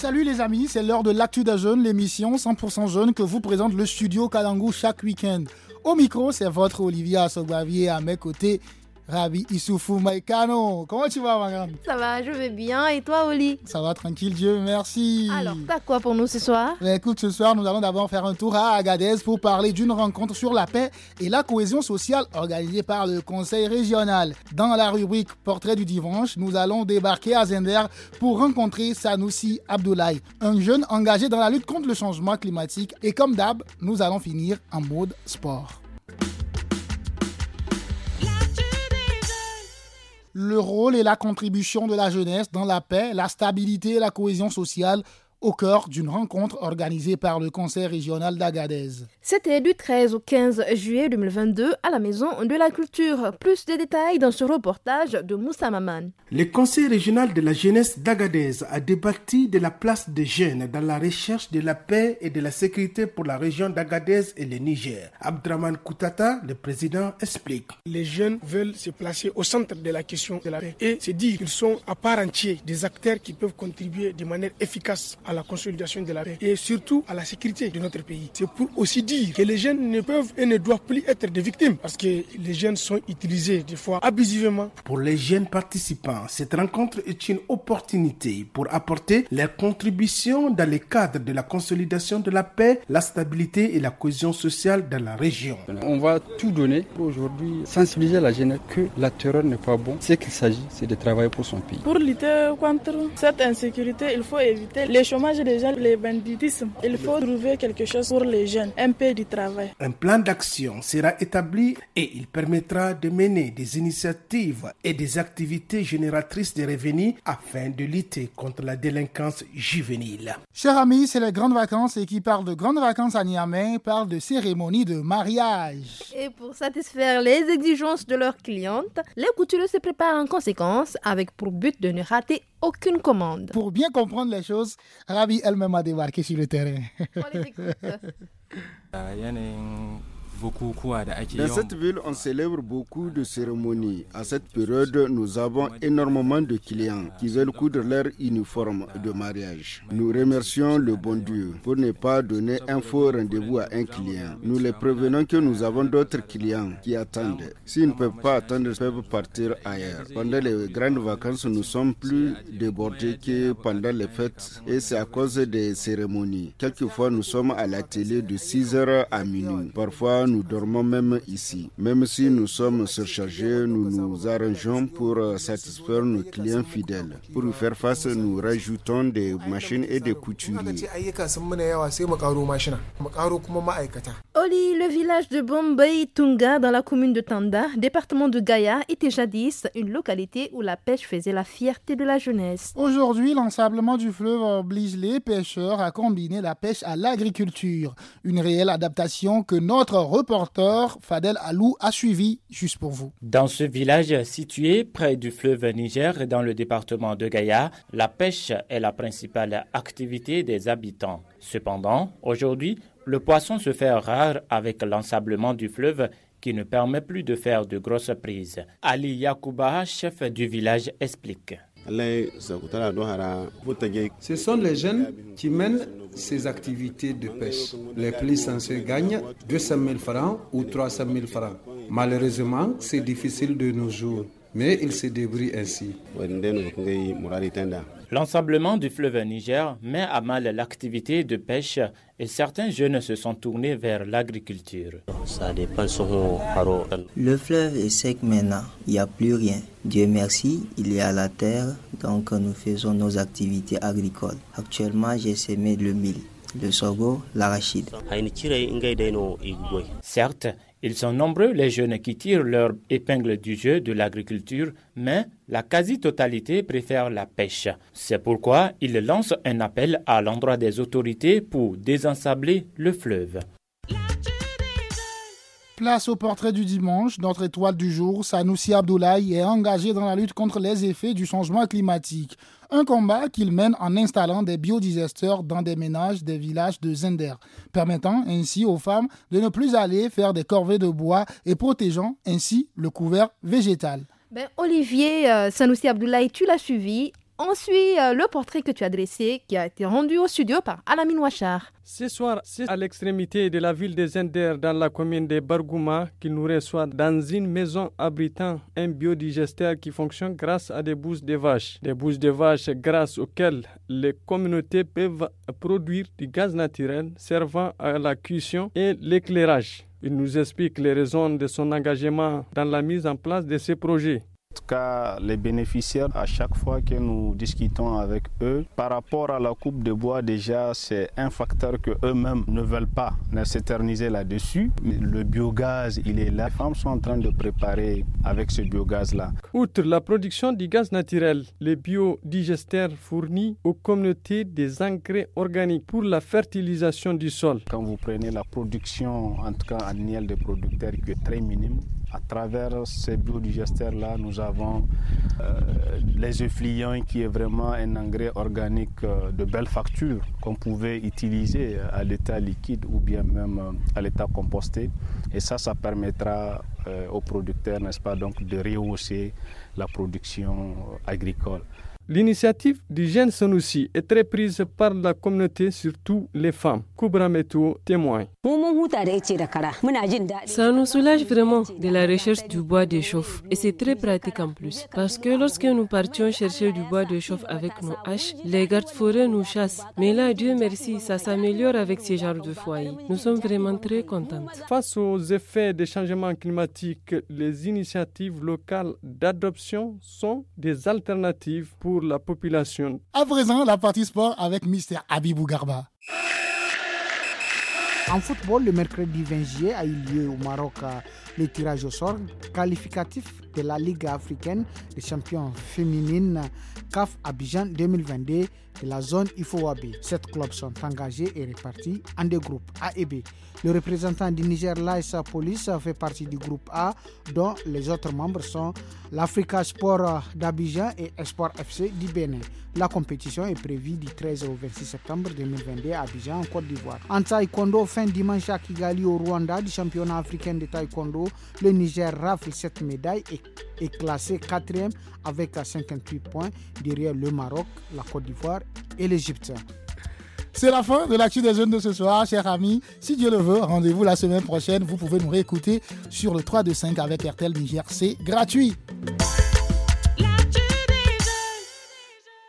Salut les amis, c'est l'heure de l'actu des jeunes, l'émission 100% jeune que vous présente le studio Kalangu chaque week-end. Au micro, c'est votre Olivia Sogavier à mes côtés Rabi Issoufou Maïkano. Comment tu vas, ma Ça va, je vais bien. Et toi, Oli Ça va, tranquille, Dieu merci. Alors, t'as quoi pour nous ce soir ben, Écoute, ce soir, nous allons d'abord faire un tour à Agadez pour parler d'une rencontre sur la paix et la cohésion sociale organisée par le Conseil régional. Dans la rubrique Portrait du dimanche, nous allons débarquer à Zender pour rencontrer Sanoussi Abdoulaye, un jeune engagé dans la lutte contre le changement climatique. Et comme d'hab, nous allons finir en mode sport. le rôle et la contribution de la jeunesse dans la paix, la stabilité et la cohésion sociale au cœur d'une rencontre organisée par le Conseil régional d'Agadez. C'était du 13 au 15 juillet 2022 à la Maison de la Culture. Plus de détails dans ce reportage de Moussa Maman. Le Conseil régional de la jeunesse d'Agadez a débattu de la place des jeunes dans la recherche de la paix et de la sécurité pour la région d'Agadez et le Niger. Abdraman Koutata, le président, explique. Les jeunes veulent se placer au centre de la question de la paix et se dire qu'ils sont à part entière des acteurs qui peuvent contribuer de manière efficace à la consolidation de la paix et surtout à la sécurité de notre pays. C'est pour aussi dire que les jeunes ne peuvent et ne doivent plus être des victimes parce que les jeunes sont utilisés des fois abusivement. Pour les jeunes participants, cette rencontre est une opportunité pour apporter leurs contributions dans le cadre de la consolidation de la paix, la stabilité et la cohésion sociale dans la région. On va tout donner aujourd'hui sensibiliser la jeunesse que la terreur n'est pas bon. Ce qu'il s'agit, c'est de travailler pour son pays. Pour lutter contre cette insécurité, il faut éviter les choses chômage des jeunes, le banditisme. Il faut trouver quelque chose pour les jeunes, un peu du travail. Un plan d'action sera établi et il permettra de mener des initiatives et des activités génératrices de revenus afin de lutter contre la délinquance juvénile. Chers amis, c'est les grandes vacances et qui parle de grandes vacances à Niamey parle de cérémonie de mariage. Et pour satisfaire les exigences de leurs clientes, les coutureux se préparent en conséquence avec pour but de ne rater aucune commande. Pour bien comprendre les choses, Ravi elle-même a débarqué sur le terrain. Dans cette ville, on célèbre beaucoup de cérémonies. À cette période, nous avons énormément de clients qui veulent coudre leur uniforme de mariage. Nous remercions le bon Dieu pour ne pas donner un faux rendez-vous à un client. Nous les prévenons que nous avons d'autres clients qui attendent. S'ils ne peuvent pas attendre, ils peuvent partir ailleurs. Pendant les grandes vacances, nous sommes plus débordés que pendant les fêtes et c'est à cause des cérémonies. Quelquefois, nous sommes à la télé de 6h à minuit. Parfois, nous dormons même ici. Même si nous sommes surchargés, nous nous arrangeons pour euh, satisfaire nos clients fidèles. Pour y faire face, nous rajoutons des machines et des couturiers. Oli, le village de Bombay Tunga dans la commune de Tanda, département de Gaïa, était jadis une localité où la pêche faisait la fierté de la jeunesse. Aujourd'hui, l'ensablement du fleuve oblige les pêcheurs à combiner la pêche à l'agriculture, une réelle adaptation que notre reporter Fadel Alou a suivi juste pour vous. Dans ce village situé près du fleuve Niger dans le département de Gaïa, la pêche est la principale activité des habitants. Cependant, aujourd'hui, le poisson se fait rare avec l'ensablement du fleuve qui ne permet plus de faire de grosses prises. Ali Yakouba, chef du village, explique. Ce sont les jeunes qui mènent ces activités de pêche. Les plus censés gagnent 200 000 francs ou 300 000 francs. Malheureusement, c'est difficile de nos jours mais il se ainsi. L'ensemblement du fleuve Niger met à mal l'activité de pêche et certains jeunes se sont tournés vers l'agriculture. Le fleuve est sec maintenant, il n'y a plus rien. Dieu merci, il est à la terre, donc nous faisons nos activités agricoles. Actuellement, j'ai semé le mil, le sorgho, l'arachide. Certes, ils sont nombreux les jeunes qui tirent leur épingle du jeu de l'agriculture, mais la quasi-totalité préfère la pêche. C'est pourquoi ils lancent un appel à l'endroit des autorités pour désensabler le fleuve. Place au portrait du dimanche, notre étoile du jour, Sanoussi Abdoulaye, est engagé dans la lutte contre les effets du changement climatique. Un combat qu'il mène en installant des biodigesteurs dans des ménages des villages de Zender, permettant ainsi aux femmes de ne plus aller faire des corvées de bois et protégeant ainsi le couvert végétal. Ben, Olivier euh, Sanoussi Abdoulaye, tu l'as suivi. On suit euh, le portrait que tu as dressé qui a été rendu au studio par Alamine Ouachar. Ce soir, c'est à l'extrémité de la ville de Zender, dans la commune de Bargouma, qu'il nous reçoit dans une maison abritant un biodigesteur qui fonctionne grâce à des bouches de vaches. Des bouches de vaches grâce auxquelles les communautés peuvent produire du gaz naturel servant à la cuisson et l'éclairage. Il nous explique les raisons de son engagement dans la mise en place de ces projets. En tout cas, les bénéficiaires, à chaque fois que nous discutons avec eux, par rapport à la coupe de bois, déjà, c'est un facteur que eux-mêmes ne veulent pas s'éterniser là-dessus. Le biogaz, il est là. Les femmes sont en train de préparer avec ce biogaz-là. Outre la production du gaz naturel, les biodigesteurs fournissent aux communautés des engrais organiques pour la fertilisation du sol. Quand vous prenez la production, en tout cas annuelle des producteurs, qui est très minime, à travers ces biodigesteurs-là, nous avons euh, les effluents qui est vraiment un engrais organique euh, de belle facture qu'on pouvait utiliser euh, à l'état liquide ou bien même à l'état composté. Et ça, ça permettra aux producteurs, n'est-ce pas, de rehausser la production agricole. L'initiative du jeune Sanoussi est très prise par la communauté, surtout les femmes. Koubra Meto témoigne. Ça nous soulage vraiment de la recherche du bois de chauffe. Et c'est très pratique en plus. Parce que lorsque nous partions chercher du bois de chauffe avec nos haches, les gardes-forêts nous chassent. Mais là, Dieu merci, ça s'améliore avec ces genres de foyers. Nous sommes vraiment très contentes. Face aux effets des changements climatiques, les initiatives locales d'adoption sont des alternatives pour la population. À présent, la partie sport avec Mister Abibou Garba. En football, le mercredi 20 juillet a eu lieu au Maroc le tirage au sort qualificatif de la Ligue africaine des champions féminines CAF Abidjan 2022 de la zone IFOAB. Sept clubs sont engagés et répartis en deux groupes A et B. Le représentant du Niger, Laissa Police, fait partie du groupe A, dont les autres membres sont l'Africa Sport d'Abidjan et Sport FC du Bénin. La compétition est prévue du 13 au 26 septembre 2022 à Abidjan, en Côte d'Ivoire. En taekwondo, fin dimanche à Kigali, au Rwanda, du championnat africain de taekwondo le Niger rafle cette médaille et est classé quatrième avec 58 points derrière le Maroc, la Côte d'Ivoire et l'Égypte. C'est la fin de l'actu des jeunes de ce soir, chers amis. Si Dieu le veut, rendez-vous la semaine prochaine. Vous pouvez nous réécouter sur le 3 de 5 avec RTL Niger. C'est gratuit.